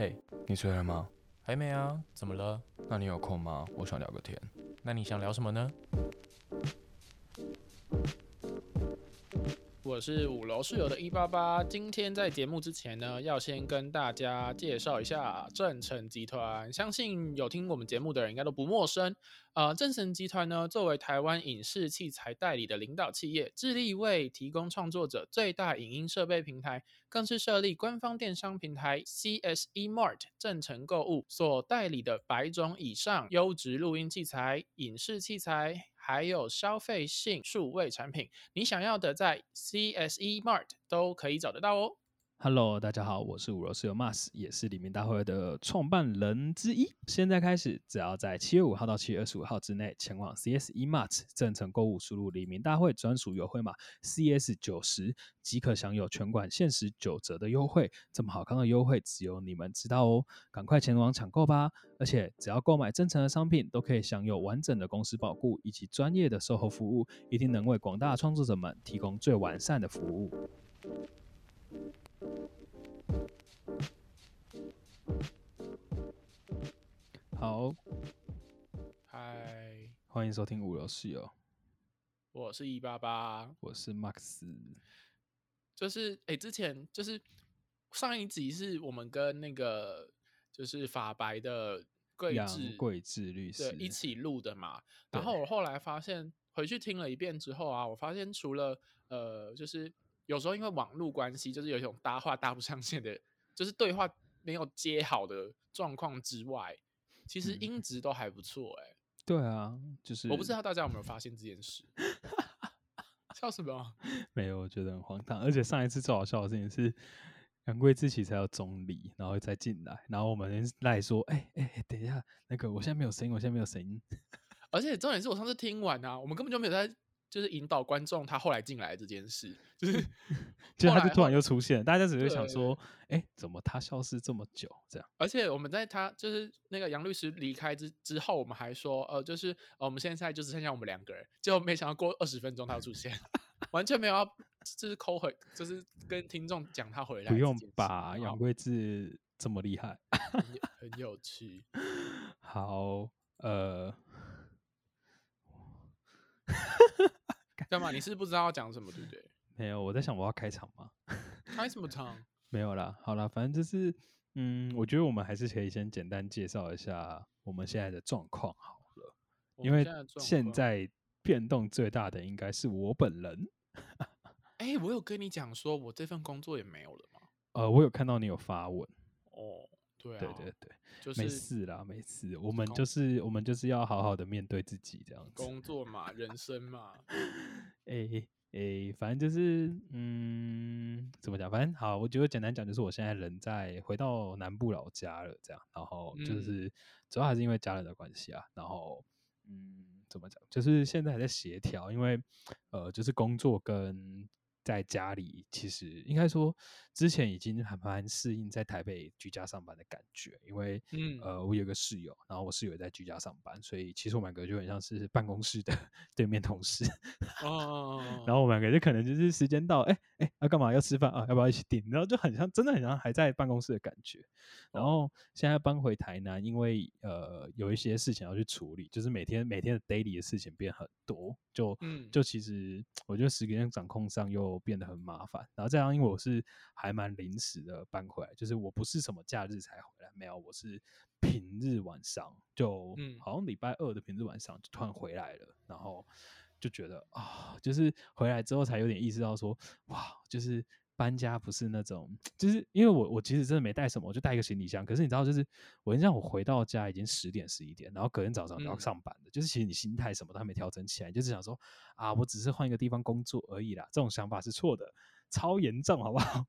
嘿，hey, 你睡了嗎？還沒啊，怎麼了？那你有空嗎？我想聊個天。那你想聊什麼呢？我是五樓室友的一八八，今天在節目之前呢，要先跟大家介紹一下正成集團。相信有聽我們節目的人應該都不陌生。呃，正成集團呢，作為台灣影視器材代理的領導企業，致力為提供創作者最大影音設備平台，更是設立官方電商平台 CSE Mart 正成購物，所代理的百種以上優質錄音器材、影視器材。還有消費性數位產品，你想要的在 CSEmart 都可以找得到哦。Hello，大家好，我是五樓室友 Marks，也是里民大會的創辦人之一。現在開始，只要在七月五號到七月二十五號之內前往 CSEmart 正成購物，輸入里民大會專屬優惠碼 CS 九十，即可享有全館限時九折的優惠。這麼好康的優惠，只有你們知道哦！趕快前往搶購吧！而且，只要購買正成的商品，都可以享有完整的公司保護以及專業的售後服務，一定能為廣大創作者們提供最完善的服務。好，嗨，Hi, 歡迎收聽五樓室友。我是一八八，我是 Marks 就是，誒、欸，之前就是上一集是我們跟那個就是法白的貴智貴智律師一起錄的嘛。對然後我後來發現，回去聽了一遍之後啊，我發現除了呃，就是有時候因為網絡關係，就是有一種搭話搭不上線的，就是對話沒有接好的狀況之外。其實音質都還不錯，欸，哎，嗯，對啊，就是我不知道大家有沒有發現這件事，， 笑什麼？沒有，我覺得很荒唐。而且上一次最好笑的事情是楊貴自己才有中離，然後再進來，然後我們賴說，哎、欸、哎、欸，等一下，那個我現在沒有聲音，我現在沒有聲音。而且重點是我上次聽完啊，我們根本就沒有在。就是引導觀眾他後來進來的這件事，就是後來後， 就他是他就突然又出現，大家只會想說，哎對、欸，怎麼他消失這麼久？這樣，而且我們在他就是那個楊律師離開之之後，我們還說，呃，就是，呃、我們現在就只剩下我們兩個人，就沒想到過二十分鐘他就出現， 完全沒有要，就是摳回，就是跟聽眾講他回來，不用吧？楊桂志這麼厲害 很，很有趣。好，呃。幹 嘛？你是不，是不知道要講什麼，對不對？沒有，我在想我要開場嗎？ 開什麼場？沒有啦，好啦。反正就是，嗯，我覺得我們還是可以先簡單介紹一下我們現在的狀況好了，因為現在變動最大的應該是我本人。哎、 欸，我有跟你講說我這份工作也沒有了嗎？呃，我有看到你有發文哦。Oh. 對啊、對對對，就是沒事啦，沒事。我們就是我們就是要好好的面對自己這樣子。工作嘛， 人生嘛，哎哎、欸欸，反正就是嗯，怎麼講？反正好，我覺得簡單講就是我現在人在回到南部老家了，這樣。然後就是、嗯、主要還是因為家人的關係啊，然後嗯，怎麼講？就是現在還在協調，因為呃，就是工作跟。在家裡其實應該說，之前已經很蠻適應在台北居家上班的感覺，因為嗯呃，我有個室友，然後我室友也在居家上班，所以其實我們兩個就很像是辦公室的對面同事哦。 然後我們兩個就可能就是時間到，哎哎要幹嘛，要吃飯啊？要不要一起訂？然後就很像，真的很像還在辦公室的感覺。然後現在搬回台南，因為呃有一些事情要去處理，就是每天每天的 daily 的事情變很多，就嗯就其實我覺得時間掌控上又。變得很麻煩，然後這樣，因為我是還蠻臨時的搬回來，就是我不是什麼假日才回來，沒有，我是平日晚上就，嗯，好像禮拜二的平日晚上就突然回來了，然後就覺得啊，哦，就是回來之後才有點意識到說，哇，就是。搬家不是那種，就是因為我我其實真的沒帶什麼，我就帶一個行李箱。可是你知道，就是我就像我回到家已經十點十一點，然後隔天早上都要上班的，嗯、就是其實你心態什麼都還沒調整起來，就是想說啊，我只是換一個地方工作而已啦。這種想法是錯的，超嚴重，好不好？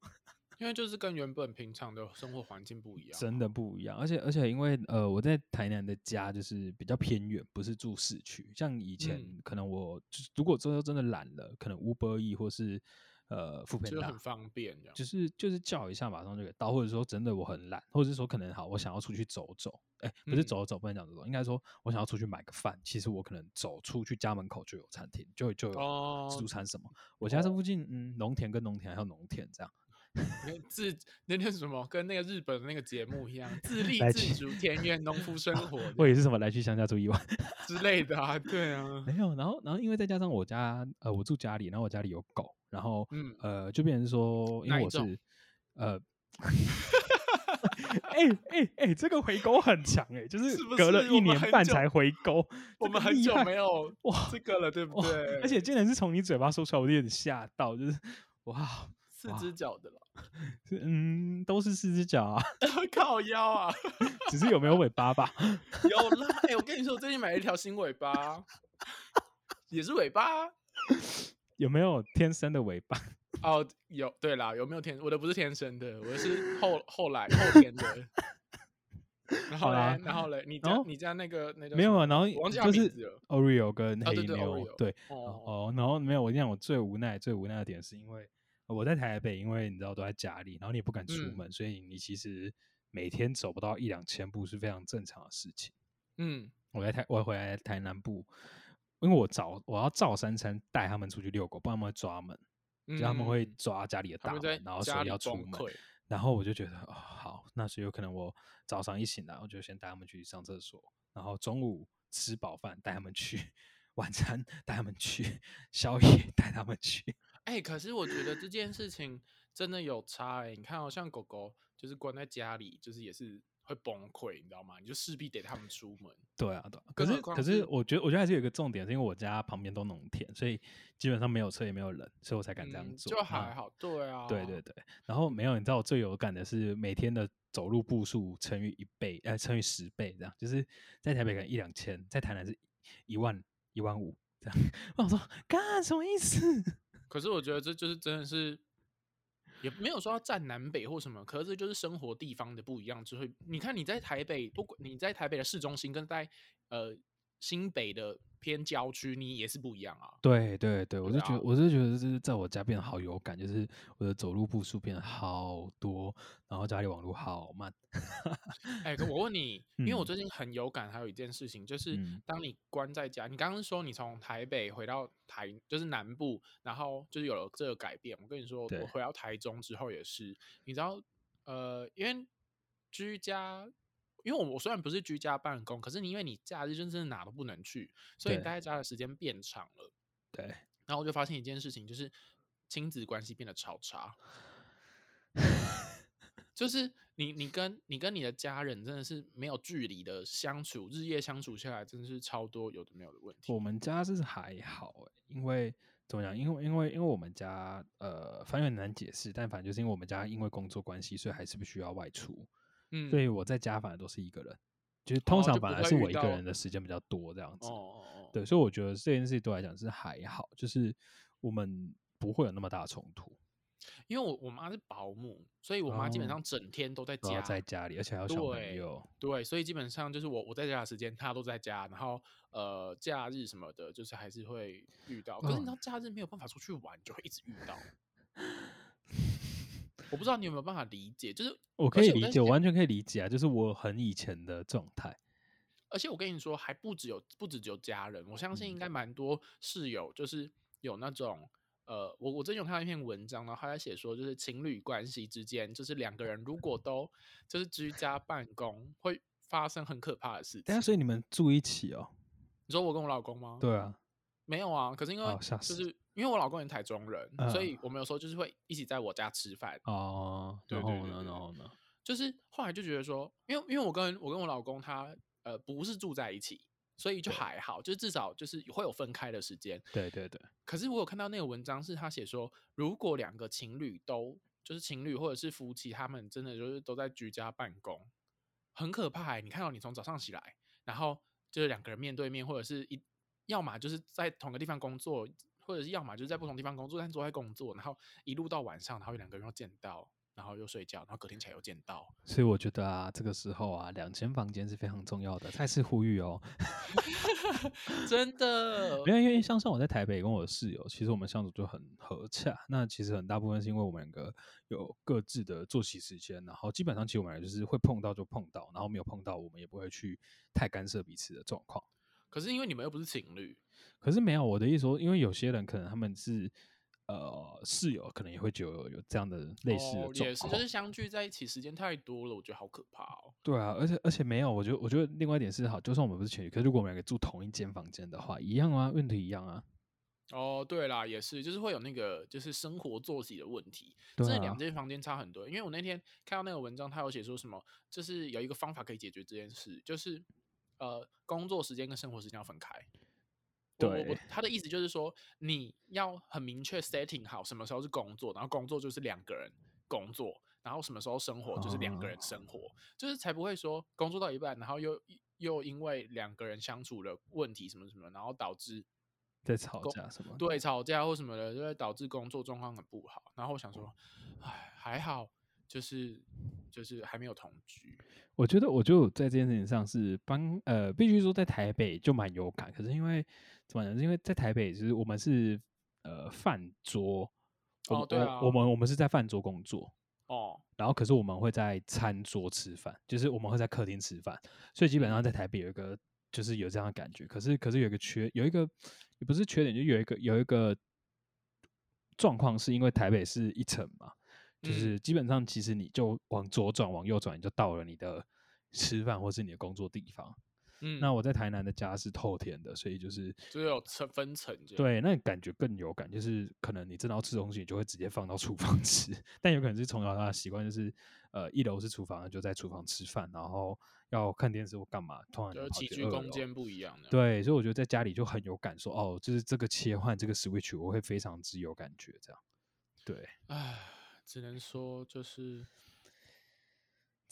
因為就是跟原本平常的生活環境不一樣， 真的不一樣。而且而且因為呃，我在台南的家就是比較偏遠，不是住市區。像以前、嗯、可能我就如果週六真的懶了，可能 Uber Eats 或是。呃，付費就很方便，這樣就是就是叫一下，馬上就給到。或者說真的我很懶，或者是說可能好，我想要出去走走，哎、欸，不是走走，嗯、不能講走走，應該說我想要出去買個飯。其實我可能走出去家門口就有餐廳，就就有自助餐什麼。哦、我家這附近、哦、嗯，農田跟農田還有農田這樣。那自那那什麼，跟那個日本的那個節目一樣， 自立自主田園農 夫生活，或者 、啊、是什麼來去鄉下住一晚 之類的啊，對啊，沒有。然後然後因為再加上我家呃，我住家裡，然後我家裡有狗。然後，嗯、呃，就變成說，因為我是，呃，哎哎哎，這個回勾很強哎、欸，就是隔了一年半才回勾，我們很久沒有哇這個了，對不對？而且竟然是從你嘴巴說出來，我就有點嚇到，就是哇，哇四隻腳的了，嗯，都是四隻腳啊， 靠腰啊， 只是有沒有尾巴吧？有啦、欸，我跟你說，我最近買了一條新尾巴， 也是尾巴、啊。 有沒有天生的尾巴？哦、oh，有對啦，有沒有天？我的不是天生的，我的是後後來後天的。 然後呢？然後呢？你家、oh, 你家那個、那個、沒有啊。然後就是 Oreo 跟黑、hey、牛、oh，o re o. 對哦、oh.，然後沒有。我跟你講我最無奈、最無奈的點，是因為我在台北，因為你知道都在家裡，然後你也不敢出門，嗯、所以你其實每天走不到一兩千步是非常正常的事情。嗯，我在台我回來台南部。因為我早我要照三餐帶他們出去遛狗，不然他們會抓門，就他們會抓家裡的大門，嗯、然後所以要出門，然後我就覺得、哦、好，那所以有可能我早上一醒來，我就先帶他們去上廁所，然後中午吃飽飯帶他們去，晚餐帶他們去，宵夜帶他們去。哎、欸，可是我覺得這件事情真的有差哎、欸，你看、哦，好像狗狗就是關在家裡，就是也是。會崩潰，你知道嗎？你就勢必得他們出門。對啊，對啊。可是，可是，我覺得，我覺得還是有一個重點，是因為我家旁邊都農田，所以基本上沒有車也沒有人，所以我才敢這樣做。嗯、就還好，對啊，啊，對對對。然後沒有，你知道我最有感的是每天的走路步數乘以一倍，哎、呃，乘以十倍這樣，就是在台北可能一兩千，在台南是一,一萬一萬五這樣。 我說，幹什麼意思？可是我覺得這就是真的是。也沒有說要戰南北或什麼，可是就是生活地方的不一樣，就會你看，你在台北，不管你在台北的市中心跟在呃。新北的偏郊區，你也是不一樣啊。對對對，對吧我就覺得，我就覺得就是在我家變得好有感，就是我的走路步數變得好多，然後家裡網絡好慢。哎、 欸，可我問你，嗯、因為我最近很有感，還有一件事情，就是當你關在家，嗯、你剛剛說你從台北回到台，就是南部，然後就是有了這個改變。我跟你說，對我回到台中之後也是，你知道，呃，因為居家。因為我我雖然不是居家辦公，可是你因為你假日就真的是哪都不能去，所以待在家的時間變長了。對，對，然後我就發現一件事情，就是親子關係變得超差， 就是你你跟你跟你的家人真的是沒有距離的相處，日夜相處下來真的是超多有的沒有的問題。我們家是還好哎、欸，因為怎麼講？因為因為因為我們家呃，反正很難解釋，但反正就是因為我們家因為工作關係，所以還是必須要外出。嗯，所以我在家反而都是一個人，嗯、就是通常本來是我一個人的時間比較多這樣子。哦哦，哦對，所以我覺得這件事情對我來講是還好，就是我們不會有那麼大衝突。因為我我媽是保姆，所以我媽基本上整天都在家，哦、在家裡，而且還有小朋友。對，對，所以基本上就是我我在家的時間她都在家，然後呃，假日什麼的，就是還是會遇到。嗯、可是你假日沒有辦法出去玩，就會一直遇到。 我不知道你有沒有辦法理解，就是我可以理解，我我完全可以理解啊！就是我很以前的狀態，而且我跟你說，還不只有不只有家人，我相信應該蠻多室友，就是有那種、嗯、呃，我我最近有看到一篇文章呢，然後他寫說就，就是情侶關係之間，就是兩個人如果都就是居家辦公， 會發生很可怕的事情。但是你們住一起哦？你說我跟我老公嗎？對啊，沒有啊，可是因為就是。哦因為我老公也台中人，嗯、所以我們有時候就是會一起在我家吃飯。哦，對對對對對，然後呢，然後呢，就是後來就覺得說，因為因為我跟我跟我老公他呃不是住在一起，所以就還好，嗯、就至少就是會有分開的時間。對對對。可是我有看到那個文章，是他寫說，如果兩個情侶都就是情侶或者是夫妻，他們真的就是都在居家辦公，很可怕、欸。你看到你從早上起來，然後就是兩個人面對面，或者是一，要麼就是在同個地方工作。或者是要嘛，就是在不同地方工作，但坐在工作，然後一路到晚上，然後有兩個人要見到，然後又睡覺，然後隔天起來又見到。所以我覺得啊，這個時候啊，兩間房間是非常重要的，再次呼籲哦。真的，因為因為像上我在台北跟我的室友，其實我們相處就很和洽。那其實很大部分是因為我們兩個有各自的作息時間，然後基本上其實我們就是會碰到就碰到，然後沒有碰到，我們也不會去太干涉彼此的狀況。可是因為你們又不是情侶。可是沒有，我的意思說，因為有些人可能他們是呃室友，可能也會有有這樣的類似的、哦，也是就是相聚在一起時間太多了，我覺得好可怕哦。對啊，而且而且沒有，我覺得我覺得另外一點是好，就算我們不是情侶，可是如果我們兩個住同一間房間的話，一樣啊，問題一樣啊。哦，對啦，也是，就是會有那個就是生活作息的問題，這兩間房間差很多。因為我那天看到那個文章，他有寫說什麼，就是有一個方法可以解決這件事，就是呃工作時間跟生活時間要分開。我，我他的意思就是說，你要很明確 setting 好什麼時候是工作，然後工作就是兩個人工作，然後什麼時候生活就是兩個人生活，哦、就是才不會說工作到一半，然後又又因為兩個人相處的問題什麼什麼，然後導致在吵架什麼對吵架或什麼的，就會導致工作狀況很不好。然後我想說，嗯、唉，還好，就是就是還沒有同居。我覺得我就在這件事情上是幫呃，必須說在台北就蠻有感，可是因為。怎麼樣因為在台北，就是我們是呃飯桌哦，oh, 我對啊，我們我們是在飯桌工作哦，oh. 然後可是我們會在餐桌吃飯，就是我們會在客廳吃飯，所以基本上在台北有一個就是有這樣的感覺。可是可是有一個缺，有一個也不是缺點，就有一個有一個狀況，是因為台北是一層嘛，就是基本上其實你就往左轉往右轉，你就到了你的吃飯或是你的工作地方。嗯，那我在台南的家是透天的，所以就是就有分層，對，那感覺更有感，就是可能你真的要吃東西，你就會直接放到廚房吃，但有可能是從小到大的習慣，就是呃，一樓是廚房，就在廚房吃飯，然後要看電視或幹嘛，突然跑就跑去二樓，就起居空間不一樣的樣，對，所以我覺得在家裡就很有感受，哦，就是這個切換這個 switch，我會非常之有感覺，這樣，對，唉，只能說就是。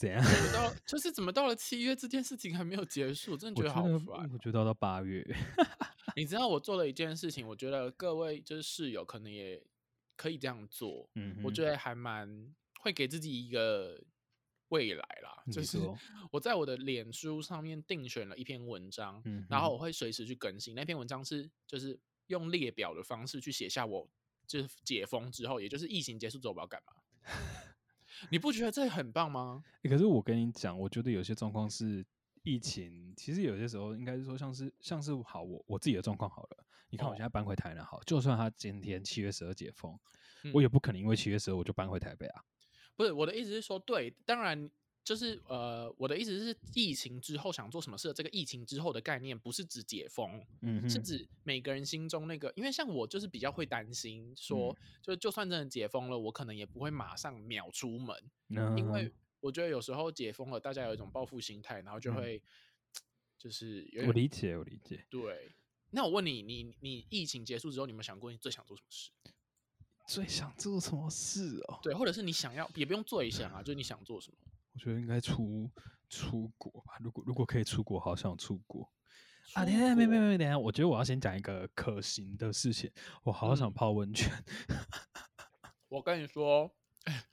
怎樣？ 就是怎麼到了七月這件事情還沒有結束，真的覺得好煩，啊。我覺得到八月。 你知道我做了一件事情，我覺得各位就是室友可能也可以這樣做。嗯、哼我覺得還蠻會給自己一個未來啦。說就是我在我的臉書上面定選了一篇文章，嗯、哼然後我會隨時去更新。那篇文章是就是用列表的方式去寫下我就是解封之後，也就是疫情結束之後我要幹嘛。 你不覺得這很棒嗎？欸，可是我跟你講，我覺得有些狀況是疫情，其實有些時候應該是說，像是像是好，我我自己的狀況好了。你看，我現在搬回台南好，就算他今天七月十二解封，我也不可能因為七月十二我就搬回台北啊。嗯。不是我的意思是說，對，當然。就是呃，我的意思是，疫情之後想做什麼事？這個疫情之後的概念，不是指解封，嗯哼，是指每個人心中那個。因為像我，就是比較會擔心，說，嗯、就就算真的解封了，我可能也不會馬上秒出門，嗯、哼因為我覺得有時候解封了，大家有一種報復心態，然後就會、嗯、就是有我理解，我理解。對，那我問你，你你疫情結束之後，你們想過你最想做什麼事？最想做什麼事哦？對，或者是你想要也不用做一下啊，嗯、哼就是你想做什麼？我覺得應該出出國吧，如果如果可以出國，好想出國，出國啊！等下，沒沒等下。我覺得我要先講一個可行的事情，我好，好想泡溫泉。嗯、 我跟你說，哎，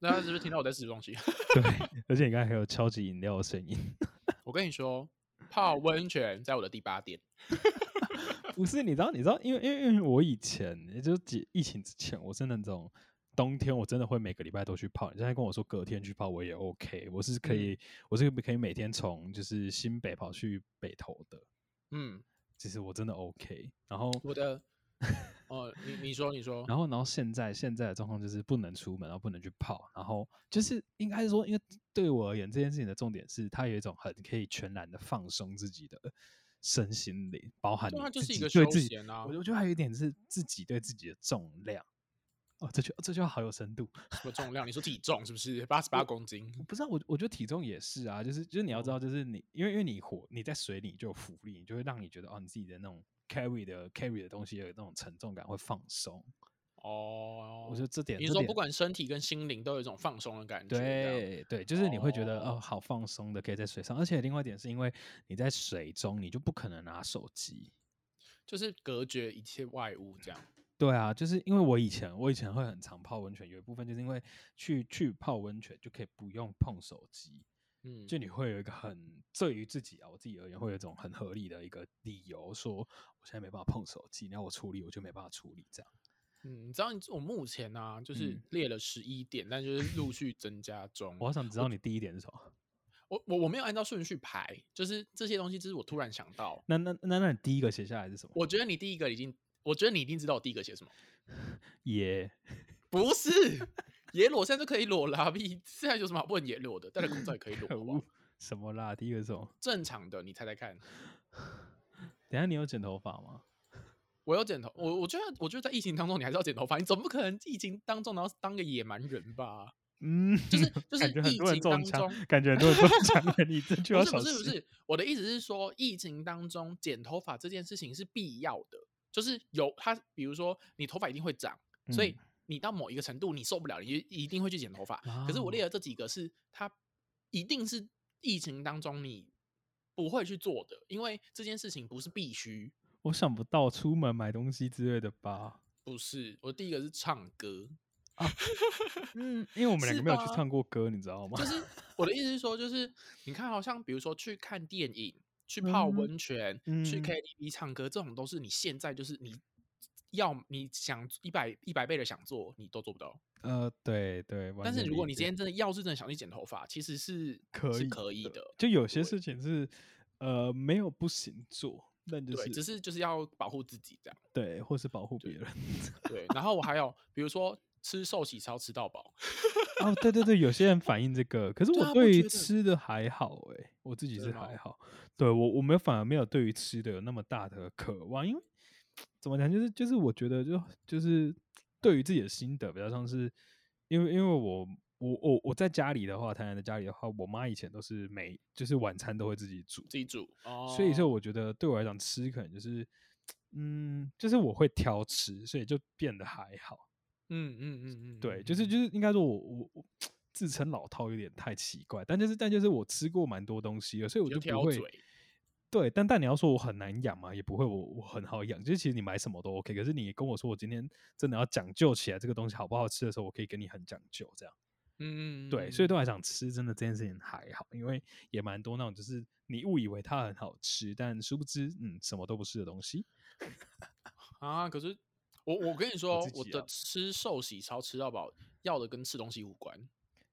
大家是不是聽到我在吃東西？ 對，而且你剛才還有超級飲料的聲音。 我跟你說，泡溫泉在我的第八點。 不是，你知道，你知道，因為因為因為我以前，也就疫疫情之前，我是那種。冬天我真的會每個禮拜都去泡。你現在跟我說隔天去泡我也 OK，我是可以，嗯，我是可以每天從就是新北跑去北投的。嗯，其實我真的 OK。然後我的。哦，你你說，你說。你說 然後然後，現在現在的狀況就是不能出門，然後不能去泡，然後就是應該是說，因為對我而言，這件事情的重點是它，有一種很可以全然的放鬆自己的身心靈，包含，對，它就是一個休閒啊。我覺得還有一點是自己對自己的重量。哦，這句這句話好有深度。什麼重量？你說體重是不是八十八公斤？我不知道、啊，我我覺得體重也是啊。就是就是你要知道，就是你因為因為你活你在水裡就有浮力，你就會讓你覺得哦，你自己的那種 carry 的、哦、carry 的東西有那種沉重感會放鬆。哦，我覺得這點你說不管身體跟心靈都有一種放鬆的感覺。對對，就是你會覺得哦，哦，好放鬆的，可以在水上。而且另外一點是因為你在水中你就不可能拿手機，就是隔絕一切外物這樣。嗯對啊，就是因為我以前我以前會很常泡溫泉，有一部分就是因為去去泡溫泉就可以不用碰手機，嗯，就你會有一個很對於自己啊，我自己而言會有一種很合理的一個理由，說我現在沒辦法碰手機，你要我處理我就沒辦法處理這樣。嗯，你知道你我目前呢、啊、就是列了十一點，嗯、但就是陸續增加中。 我想知道你第一點是什麼？我我我沒有按照順序排，就是這些東西，這是我突然想到。那那那那那你第一個寫下來是什麼？我覺得你第一個已經。我覺得你一定知道我第一個寫什麼，野 Yeah. 不是 野裸現在都可以裸拉皮，現在有什麼不問野裸的，戴口罩也可以裸。可惡惡，好好，什麼啦？第一個什麼？正常的，你猜猜看。等下你有剪頭髮嗎？我有剪頭，我我覺得我覺得在疫情當中你還是要剪頭髮，你總不可能疫情當中然後當個野蠻人吧？嗯、就是，就是就是很多人中槍感覺很多人中槍了 你這句話，不是不是，不是， 不，是不是，我的意思是說，疫情當中剪頭髮這件事情是必要的。就是有他比如說你頭髮一定會長，所以你到某一個程度你受不了，你就一定會去剪頭髮。嗯、可是我列的這幾個是他一定是疫情當中你不會去做的，因為這件事情不是必須。我想不到出門買東西之類的吧？不是，我第一個是唱歌啊， 嗯，嗎因為我們兩個沒有去唱過歌，你知道嗎？就是我的意思是說，就是你看，好像比如說去看電影。去泡溫泉、嗯、去 KTV 唱歌，嗯、這種都是你現在就是你要你想一百一百倍的想做，你都做不到。呃，對對。但是如果你今天真的要是真的想去剪頭髮，其實是可以可以的。以的就有些事情是對，呃，沒有不行做，但就是、對，就是只是就是要保護自己這樣，對，或是保護別人對。對，然後我還有比如說。吃壽喜燒吃到飽 哦、對對對，有些人反映這個，可是我對於吃的還好哎，欸，我自己是還好，對，我我們反而沒有對於吃的有那麼大的渴望，因為怎麼講就是就是我覺得就就是對於自己的心得比較像是，因為因為我我我我在家裡的話，台南的家裡的話，我媽以前都是每就是晚餐都會自己煮自己煮哦，所以說我覺得對我來講吃可能就是嗯，就是我會挑吃，所以就變得還好。嗯嗯嗯嗯，嗯嗯對嗯、就是，就是就是，應該說我我我自稱老饕有點太奇怪，但就是但就是我吃過蠻多東西，所以我就不會。條條嘴對，但但你要說我很難養嘛，也不會我，我我很好養。就是、其實你買什麼都 OK，可是你跟我說我今天真的要講究起來，這個東西好不好吃的時候，我可以跟你很講究這樣。嗯嗯，對，所以都還想吃，真的這件事情還好，因為也蠻多那種就是你誤以為它很好吃，但殊不知嗯什麼都不是的東西。 啊，可是。我我跟你說，我，我的吃壽喜燒吃到飽，要的跟吃東西無關，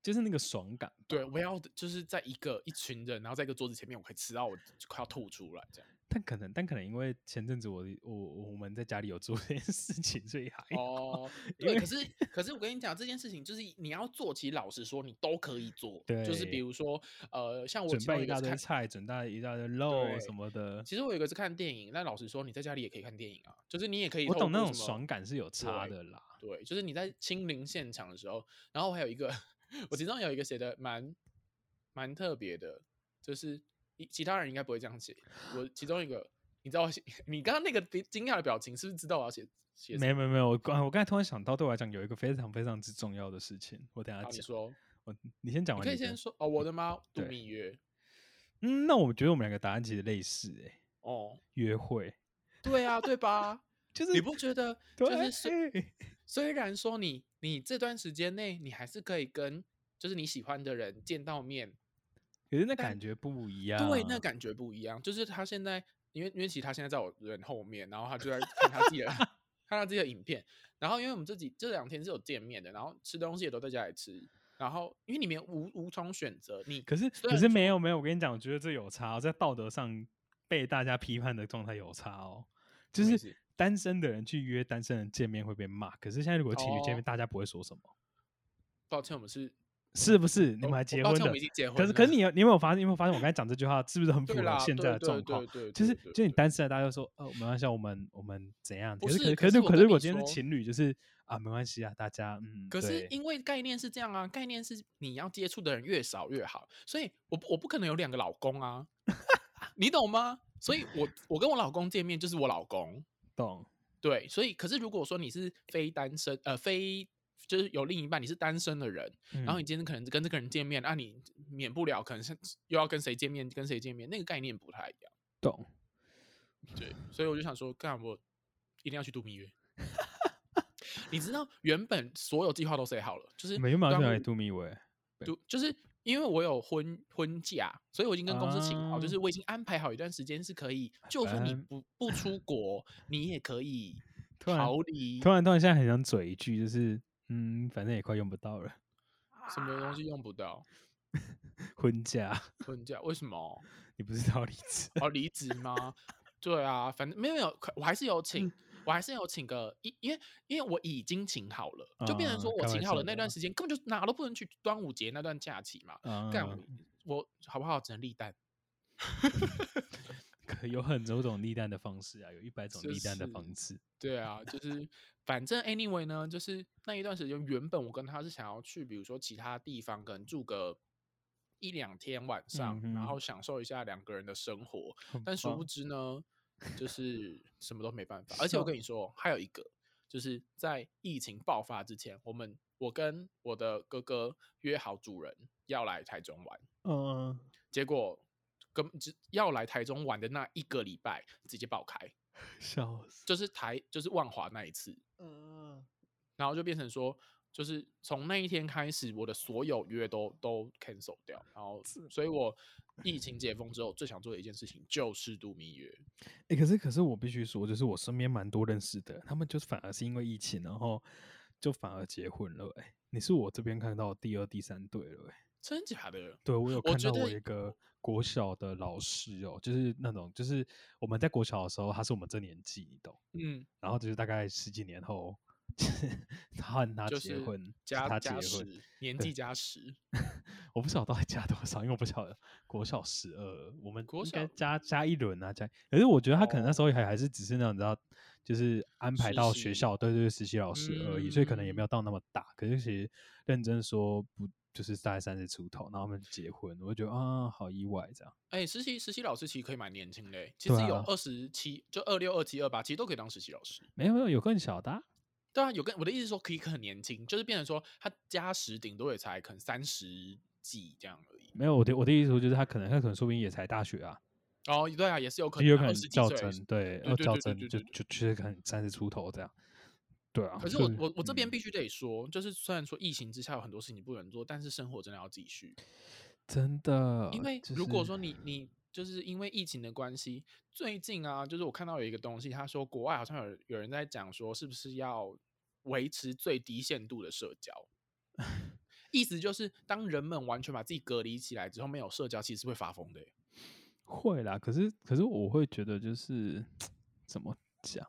就是那個爽感。對，我要的就是在一個 一群人，然後在一個桌子前面，我可以吃到我就快要吐出來這樣。但可能，但可能因為前陣子我我我們在家裡有做這件事情，所以還好，呃、因為對。可是可是我跟你講這件事情，就是你要做，其實老實說你都可以做。對，就是比如說呃，像我是準備一大堆菜，準備一大堆肉什麼的。其實我有一個是看電影，但老實說你在家裡也可以看電影啊，就是你也可以。我懂那種爽感是有差的啦。對,對，就是你在親臨現場的時候，然後還有一個我其中有一個寫的蠻蠻特別的，就是。其他人應該不會這樣寫。我其中一個，你知道我寫，你剛剛那個驚訝的表情，是不是知道我要寫寫？沒沒沒，我剛我剛才突然想到，對我來講有一個非常非常之重要的事情，我等一下講、啊、你說，你先講完一，你可以先說哦。我的媽，度蜜月。嗯，那我覺得我們兩個答案其實類似哎、欸。哦，約會。對啊，對吧？ 就是你不覺得？就是雖，對雖然說你你這段時間內你還是可以跟就是你喜歡的人見到面。可是那感覺不一樣，對，那感覺不一樣。就是他現在，因為因為其實他現在在我人後面，然後他就在看他自己的， 看他自己的影片。然後因為我們這幾這兩天是有見面的，然後吃東西也都在家裡吃。然後因為裡面無無從選擇，你可是對可是沒有沒有，我跟你講，我覺得這有差哦，在道德上被大家批判的狀態有差哦。就是單身的人去約單身人見面會被罵，可是現在如果情侶見面，哦、大家不會說什麼。抱歉，我們是。是不是你們還結婚的？哦、婚可是可是你你有沒有發現？你有沒有發現我剛才講這句話是不是很符合現在的狀況？就是就你單身的，大家都說哦、呃，沒關係，我們我們怎樣？是可是可是可是我今天是情侶，就是啊，沒關係啊，大家嗯。可是因為概念是這樣啊，概念是你要接觸的人越少越好，所以我不我不可能有兩個老公啊， 你懂嗎？所以我我跟我老公見面就是我老公，懂對？所以可是如果說你是非單身呃非。就是有另一半，你是單身的人，然後你今天可能跟這個人見面，那你免不了可能是又要跟誰見面，跟誰見面，那個概念不太一樣。懂？對，所以我就想說，幹嘛我一定要去度蜜月？你知道原本所有計劃都寫好了，就是沒打算去度蜜月，就就是因為我有婚婚假，所以我已經跟公司請好，就是我已經安排好一段時間是可以，就算你不不出國，你也可以逃離。突然，突然現在很想嘴一句，就是。嗯，反正也快用不到了。什麼東西用不到？ 婚假嫁，婚假為什麼？你不知道離職？哦，離職嗎？ 對啊，反正沒有沒有，我還是有請，嗯、我還是有請個，因因為因為我已經請好了，嗯、就變成說我請好了那段時間根本就哪都不能去，端午節那段假期嘛，幹、嗯、我好不好？只能立蛋。 有很多種立蛋的方式啊，有一百種立蛋的方式，就是。對啊，就是反正 anyway 呢，就是那一段時間，原本我跟他是想要去，比如說其他地方，跟住個一兩天晚上，嗯、哼然後享受一下兩個人的生活。嗯、哼但殊不知呢，就是什麼都沒辦法。 而且我跟你說，還有一個，就是在疫情爆發之前，我們我跟我的哥哥約好，主人要來台中玩。嗯，結果。跟，要來台中玩的那一個禮拜，直接爆開，笑死！就是台，就是萬華那一次，嗯、然後就變成說，就是從那一天開始，我的所有約都都 cancel 掉，然後，所以我疫情解封之後，最想做的一件事情就是度蜜月。哎、欸，可是可是我必須說，就是我身邊蠻多認識的，他們就是反而是因為疫情，然後就反而結婚了、欸。哎，你是我這邊看到的第二第三對了、欸，真假的，對我有看到我一個國小的老師哦，就是那種，就是我們在國小的時候，他是我們這年紀，你懂？嗯，然後就是大概十幾年後， 他和他結婚，加他結婚，十對年紀加十， 我不知道到底加多少，因為我不曉得國小十二，我們應該加加一輪啊，加。可是我覺得他可能那時候還還是只是那種你知道，就是安排到學校，是是對,對對，實習老師而已，嗯，所以可能也沒有到那麼大。可是其實認真說不。就是大概三十出頭，然後他們結婚，我就覺得啊，好意外這樣。哎、欸，實習實習老師其實可以蠻年輕的，其實有二十七，就二六、二七、二八，其實都可以當實習老師。沒有沒有，有更小的、啊？對啊，有更我的意思是說可以很年輕，就是變成說他加十，頂多也才可能三十幾這樣而已。沒有我的我的意思，就是他可能他可能說不定也才大學啊。哦，對啊，也是有可能、啊、有可能也是較真，對，對，對，對，對，對，對，對，較真就就就確實可能三十出頭這樣。對對對對。對啊，可是我是我我這邊必須得說，嗯、就是雖然說疫情之下有很多事情你不能做，但是生活真的要繼續，真的。因為如果說你、就是、你就是因為疫情的關係，最近啊，就是我看到有一個東西，他說國外好像有有人在講說，是不是要維持最低限度的社交， 意思就是當人們完全把自己隔離起來之後，沒有社交其實是會發瘋的，會啦。可是可是我會覺得就是怎麼講？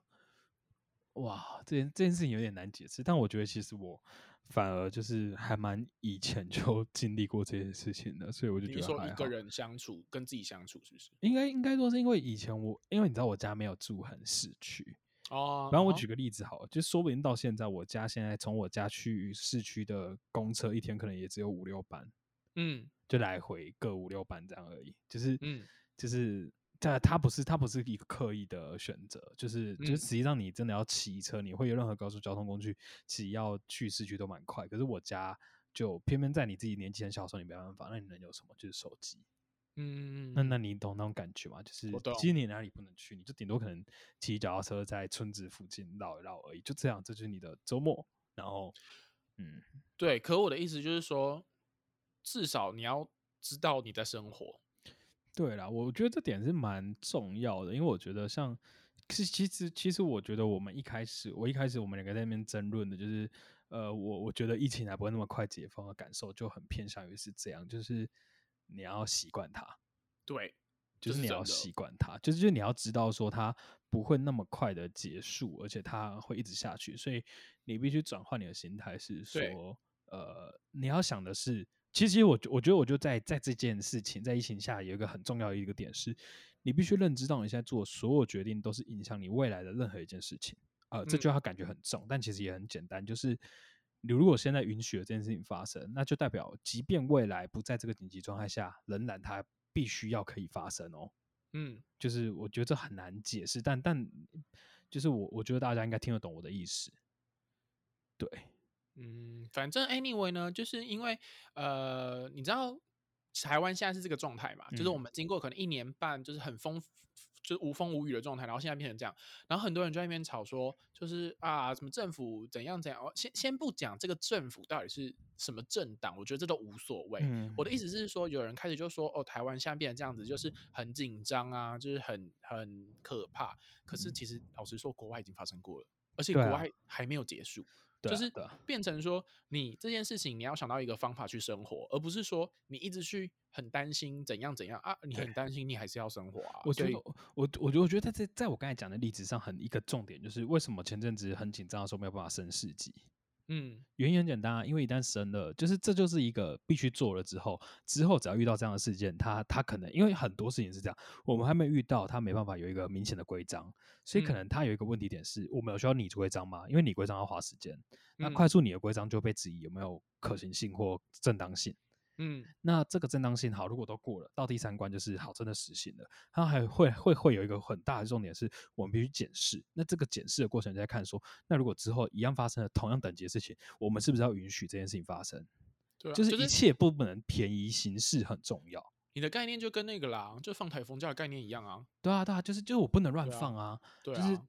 哇，這件這件事情有點難解釋，但我覺得其實我反而就是還蠻以前就經歷過這件事情的，所以我就覺得，你說一個人相處，跟自己相處是不是？應該應該說是因為以前我，因為你知道我家沒有住很市區哦，然後、oh, 我舉個例子好了，oh. 就說不定到現在我家現在從我家去市區的公車一天可能也只有五六班，嗯，就來回各五六班這樣而已，就是嗯，就是。對，它不是，它不是一個刻意的選擇，就是，嗯、就實際上你真的要騎車，你會有任何高速交通工具，只要去市區都蠻快。可是我家就偏偏在你自己年紀很小的時候，你沒辦法，那你能有什麼？就是手機。嗯，那那你懂那種感覺嗎？就是我懂，其實你哪裡不能去，你就頂多可能騎腳踏車在村子附近繞一繞而已。就這樣，這就是你的周末。然後，嗯，對。可我的意思就是說，至少你要知道你的生活。對啦，我覺得這點是蠻重要的，因為我覺得像其實其實其實，其實我覺得我們一開始，我一開始我們兩個在那邊爭論的，就是呃，我我覺得疫情還不會那麼快解封的感受，就很偏向於是這樣，就是你要習慣它，對，就是你要習慣它，就是，就，是就是你要知道說它不會那麼快的結束，而且它會一直下去，所以你必須轉換你的心態，是說對呃，你要想的是，其實我我覺得我就在在這件事情在疫情下有一個很重要的一個點是，你必須認知到你現在做的所有決定都是影響你未來的任何一件事情。呃，嗯，這句話感覺很重，但其實也很簡單，就是你如果現在允許了這件事情發生，那就代表即便未來不在這個緊急狀態下，仍然它必須要可以發生哦。嗯，就是我覺得這很難解釋，但但就是我我覺得大家應該聽得懂我的意思。對。嗯，反正 anyway 呢，就是因為呃，你知道台灣現在是這個狀態嘛？嗯、就是我們經過可能一年半，就是很風，就是無風無雨的狀態，然後現在變成這樣，然後很多人就在那邊吵說，就是啊，什麼政府怎樣怎樣。哦、先先不講這個政府到底是什麼政黨，我覺得這都無所謂。嗯、我的意思是說，有人開始就說，哦，台灣現在變成這樣子，就是很緊張啊，就是很很可怕。可是其實、嗯、老實說，國外已經發生過了，而且國外還沒有結束。就是變成說，你這件事情你要想到一個方法去生活，對而不是說你一直去很擔心怎樣怎樣啊，你很擔心你還是要生活啊。我覺得所以我我覺得我覺得在在我剛才講的例子上，很一個重點就是為什麼前陣子很緊張的時候沒有辦法升四級。嗯，原因很簡單啊，因為一旦生了，就是這就是一個必須做了之後，之後只要遇到這樣的事件，他他可能因為很多事情是這樣，我們還沒遇到，他沒辦法有一個明顯的規章，所以可能他有一個問題點是，嗯、我們有需要擬出規章嗎？因為擬規章要花時間，那快速擬的規章就被質疑有沒有可行性或正當性。嗯，那這個正當性好，如果都過了，到第三關就是好，真的實行了。它還會會會有一個很大的重點是，我們必須檢視。那這個檢視的過程就在看說，那如果之後一樣發生了同樣等級的事情，我們是不是要允許這件事情發生？對啊，就是一切不能便宜行事很重要。就是，你的概念就跟那個啦，就放台風假的概念一樣啊。對啊，對啊，就是就是我不能亂放啊，啊。對啊。就是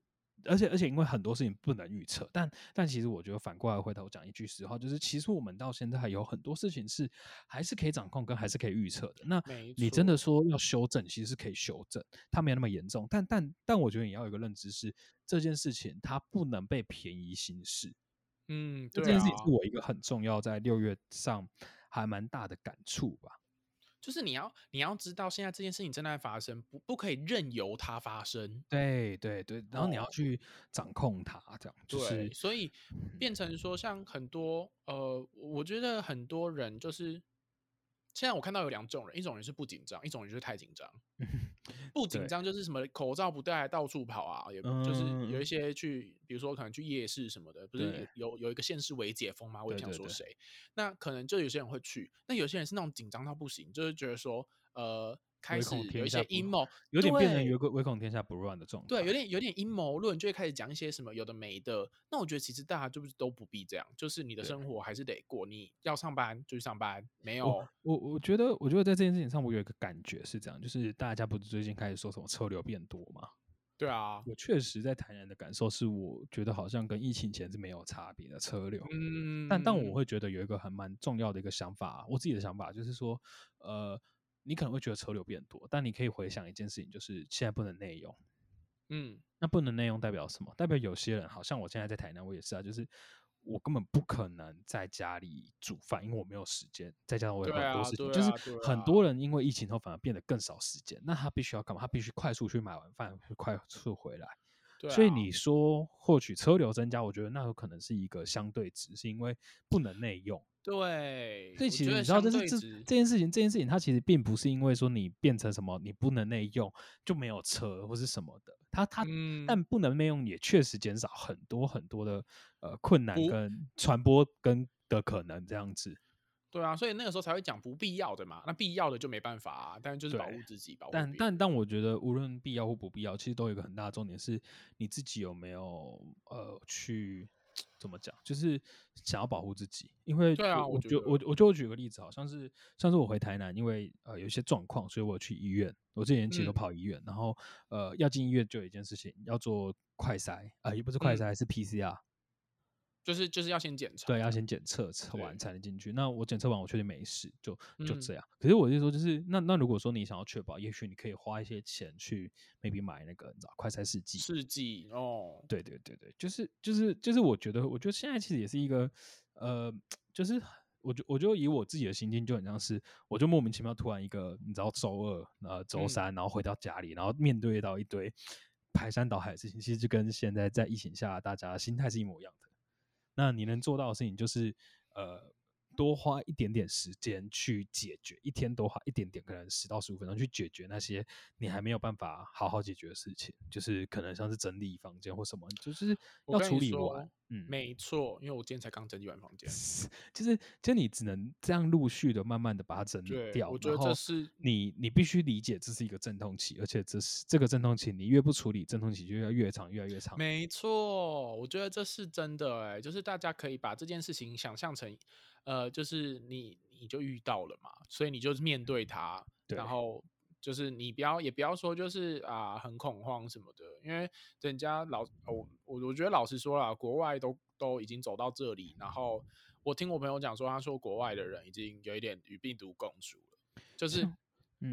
而且而且，而且因為很多事情不能預測，但但其實我覺得反過來回頭講一句實話，就是其實我們到現在還有很多事情是還是可以掌控跟還是可以預測的。那你真的說要修正，其實是可以修正，它沒有那麼嚴重。但但但，但我覺得你要有一個認知是這件事情它不能被便宜行事。嗯，對啊。這件事情是我一個很重要在六月上還蠻大的感觸吧。就是你要，你要知道現在這件事情正在發生，不不可以任由它發生。對對對，然後你要去掌控它，oh. 這樣、就是、對。所以變成說，像很多，呃，我覺得很多人就是現在我看到有兩種人，一種人是不緊張，一種人就是太緊張。 不緊張對就是什麼口罩不戴，到處跑啊，也就是有一些去，嗯、比如說可能去夜市什麼的，不是有對有一個縣市微解封嗎？我也想說誰，對對對，那可能就有些人會去，那有些人是那種緊張到不行，就是覺得說呃。開始有一，有一些陰謀，有點變成唯唯恐天下不亂的狀態。對，對，有點有點陰謀論，就會開始講一些什麼有的沒的。那我覺得其實大家就是都不必這樣，就是你的生活還是得過，對你要上班就去上班。沒有，我我，我覺得，我覺得在這件事情上，我有一個感覺是這樣，就是大家不是最近開始說什麼車流變多嘛。對啊，我確實在台南的感受是，我覺得好像跟疫情前是沒有差別的車流。嗯，但但我會覺得有一個還蠻重要的一個想法，我自己的想法就是說，呃。你可能會覺得車流變多，但你可以回想一件事情，就是現在不能內用。嗯，那不能內用代表什麼？代表有些人，好像我現在在台南，我也是啊，就是我根本不可能在家裡煮飯，因為我沒有時間，再加上我有很多事情。對啊、對啊、對啊，就是很多人因為疫情後反而變得更少時間，那他必須要幹嘛？他必須快速去買完飯，快速回來。嗯所以你說獲取車流增加，我覺得那有可能是一個相對值，是因為不能內用。對，所以其實你知道，這是這這件事情，這件事情它其實並不是因為說你變成什麼，你不能內用就沒有車或是什麼的。它它，但不能內用也確實減少很多很多的呃困難跟傳播跟的可能這樣子。對啊，所以那個時候才會講不必要的嘛，那必要的就沒辦法，啊，但就是保護自己吧對。但但但，我覺得無論必要或不必要，其實都有一個很大的重點是，你自己有沒有呃去怎麼講，就是想要保護自己。因為對啊，我，我就我我就舉個例子好，好像是上次我回台南，因為呃有一些狀況，所以我有去醫院。我這幾年其實都跑醫院，嗯、然後呃要進醫院就有一件事情要做快篩啊，呃，也不是快篩，嗯、是 PCR。就是就是要先檢測，對，要先檢測，測完才能進去。對那我檢測完，我確定沒事，就就這樣。嗯、可是我就說，就是那那如果說你想要確保，也許你可以花一些錢去，maybe 買那個你知道快篩試劑試劑哦。對對對對，就是就是就是，就是、我覺得我覺得現在其實也是一個呃，就是我就我就以我自己的心境，就很像是我就莫名其妙突然一個你知道周二呃周三，嗯、然後回到家裡，然後面對到一堆排山倒海的事情，其實就跟現在在疫情下大家心態是一模一樣的。那你能做到的事情就是，呃，多花一點點時間去解決，一天多花一點點，可能十到十五分鐘去解決那些你還沒有辦法好好解決的事情，就是可能像是整理房間或什麼，就是要處理完。嗯，沒錯，因為我今天才剛整理完房間，其實其實你只能這樣陸續的、慢慢的把它整理掉。我覺得這是你，你必須理解這是一個陣痛期，而且這是這個陣痛期，你越不處理，陣痛期就要越、越長，越來越長。沒錯，我覺得這是真的，欸，哎，就是大家可以把這件事情想象成。呃，就是你，你就遇到了嘛，所以你就面對它，對。然後就是你不要，也不要說就是啊、呃，很恐慌什麼的，因為人家老，我我我覺得老實說啦，國外都都已經走到這裡，嗯、然後我聽我朋友講說，他說國外的人已經有一點與病毒共處了，就是。嗯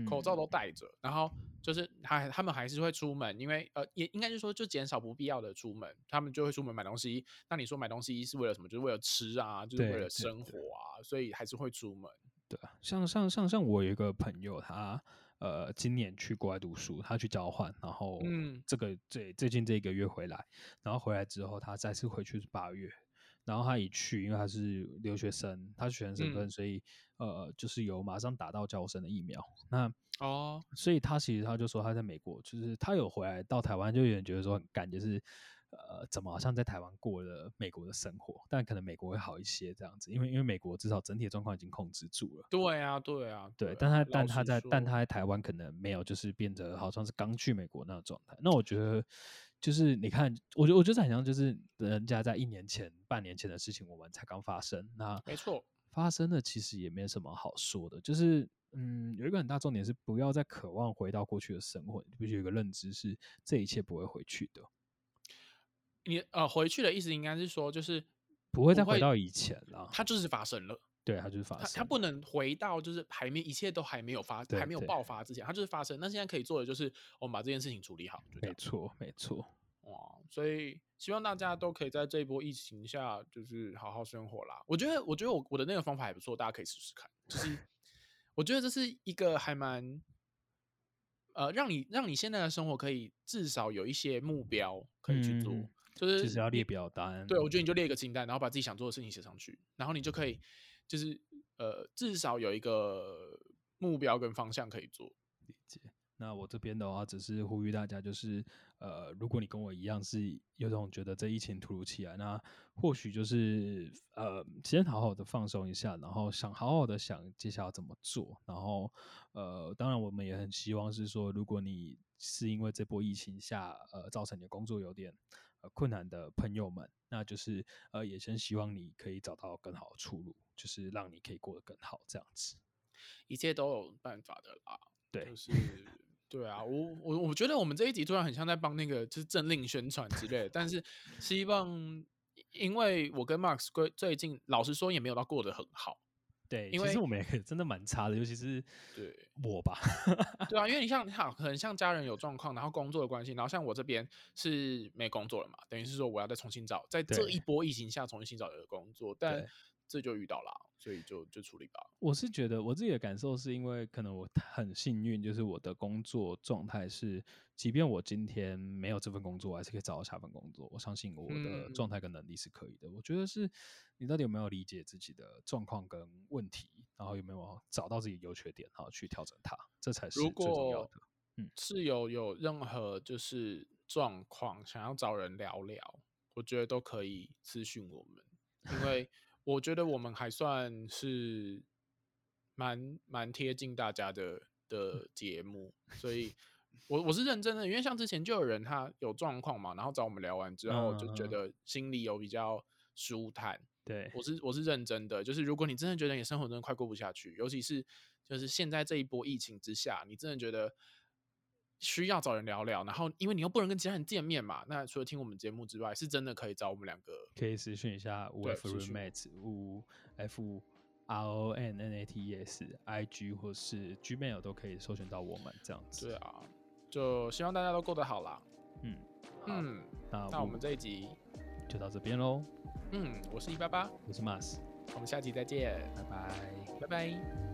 口罩都戴着，嗯、然後就是他，他們還是會出門，因為呃，也應該就是說就減少不必要的出門，他們就會出門買東西。那你說買東西是為了什麼？就是為了吃啊，對就是為了生活啊，對對對所以還是會出門。對，像像像像我有一個朋友，他呃今年去國外讀書，他去交換，然後這個最、嗯、最近這一個月回來，然後回來之後他再次回去是八月，然後他一去，因為他是留學生，他是學生跟、嗯、所以。呃，就是有馬上打到嬌生的疫苗，那哦，所以他其實他就說他在美國，就是他有回來到台灣，就有點覺得說感覺是、嗯、呃，怎麼好像在台灣過了美國的生活，但可能美國會好一些這樣子，因為因為美國至少整體的狀況已經控制住了。嗯、對啊，對啊，對，對。但他對但他在但他在台灣可能沒有，就是變得好像是剛去美國那種狀態。那我覺得就是你看，我覺得我覺得好像就是人家在一年前、半年前的事情，我們才剛發生。那沒錯。發生的其實也沒什麼好說的，就是嗯，有一個很大重點是不要再渴望回到過去的生活，你必須有個認知是這一切不會回去的。你呃，回去的意思應該是說，就是不會不再回到以前了。它就是發生了，對，它就是發生，它不能回到就是還沒一切都還沒有發，對對對，還沒有爆發之前，它就是發生。那現在可以做的就是我們把這件事情處理好，沒錯，沒錯。哇，所以希望大家都可以在這一波疫情下，就是好好生活啦。我覺得，我覺得我我的那個方法還不錯，大家可以試試看。就是我覺得這是一個還蠻，呃，讓你讓你現在的生活可以至少有一些目標可以去做，嗯、就是其實要列表單。對，我覺得你就列一個清單，然後把自己想做的事情寫上去，然後你就可以，就是呃，至少有一個目標跟方向可以做。那我這邊的話，只是呼籲大家，就是呃，如果你跟我一樣是有種覺得這疫情突如其來，那或許就是呃，先好好的放鬆一下，然後想好好的想接下來怎麼做。然後呃，當然我們也很希望是說，如果你是因為這波疫情下呃，造成你的工作有點困難的朋友們，那就是呃，也先希望你可以找到更好的出路，就是讓你可以過得更好，這樣子，一切都有辦法的啦。對，是。 對啊，我我我覺得我們這一集突然很像在幫那個就是政令宣傳之類的， 但是希望，因為我跟 Marks 最最近老實說也沒有到過得很好，對，因為其實我們也真的蠻差的，尤其是對我吧， 對啊，因為你像他很像家人有狀況，然後工作的關係，然後像我這邊是沒工作了嘛，等於是說我要再重新找，在這一波疫情下重新找一個工作，對但。這就遇到了，所以就就處理吧。我是覺得我自己的感受是因為可能我很幸運，就是我的工作狀態是，即便我今天沒有這份工作，我還是可以找到下份工作。我相信我的狀態跟能力是可以的。嗯、我覺得是，你到底有沒有理解自己的狀況跟問題，然後有沒有找到自己的優缺點，然後去調整它，這才是最重要的。嗯，是有有任何就是狀況、嗯、想要找人聊聊，我覺得都可以諮詢我們，因為。 我覺得我們還算是蠻蠻貼近大家的的節目， 所以我，我我是認真的，因為像之前就有人他有狀況嘛，然後找我們聊完之後，就覺得心裡有比較舒坦。對、嗯、我是我是認真的，就是如果你真的覺得你生活真的快過不下去，尤其是就是現在這一波疫情之下，你真的覺得。需要找人聊聊，然後因為你又不能跟其他人見面嘛，那除了聽我們節目之外，是真的可以找我們兩個，可以私訊一下 5froommates 五 f r o n n a t s IG，或是 Gmail 都可以搜尋到我們這樣子。對啊，就希望大家都過得好啦。嗯嗯，那那我們這一集就到這邊嘍。嗯，我是一八八，我是 Marks，我們下集再見，拜拜拜拜。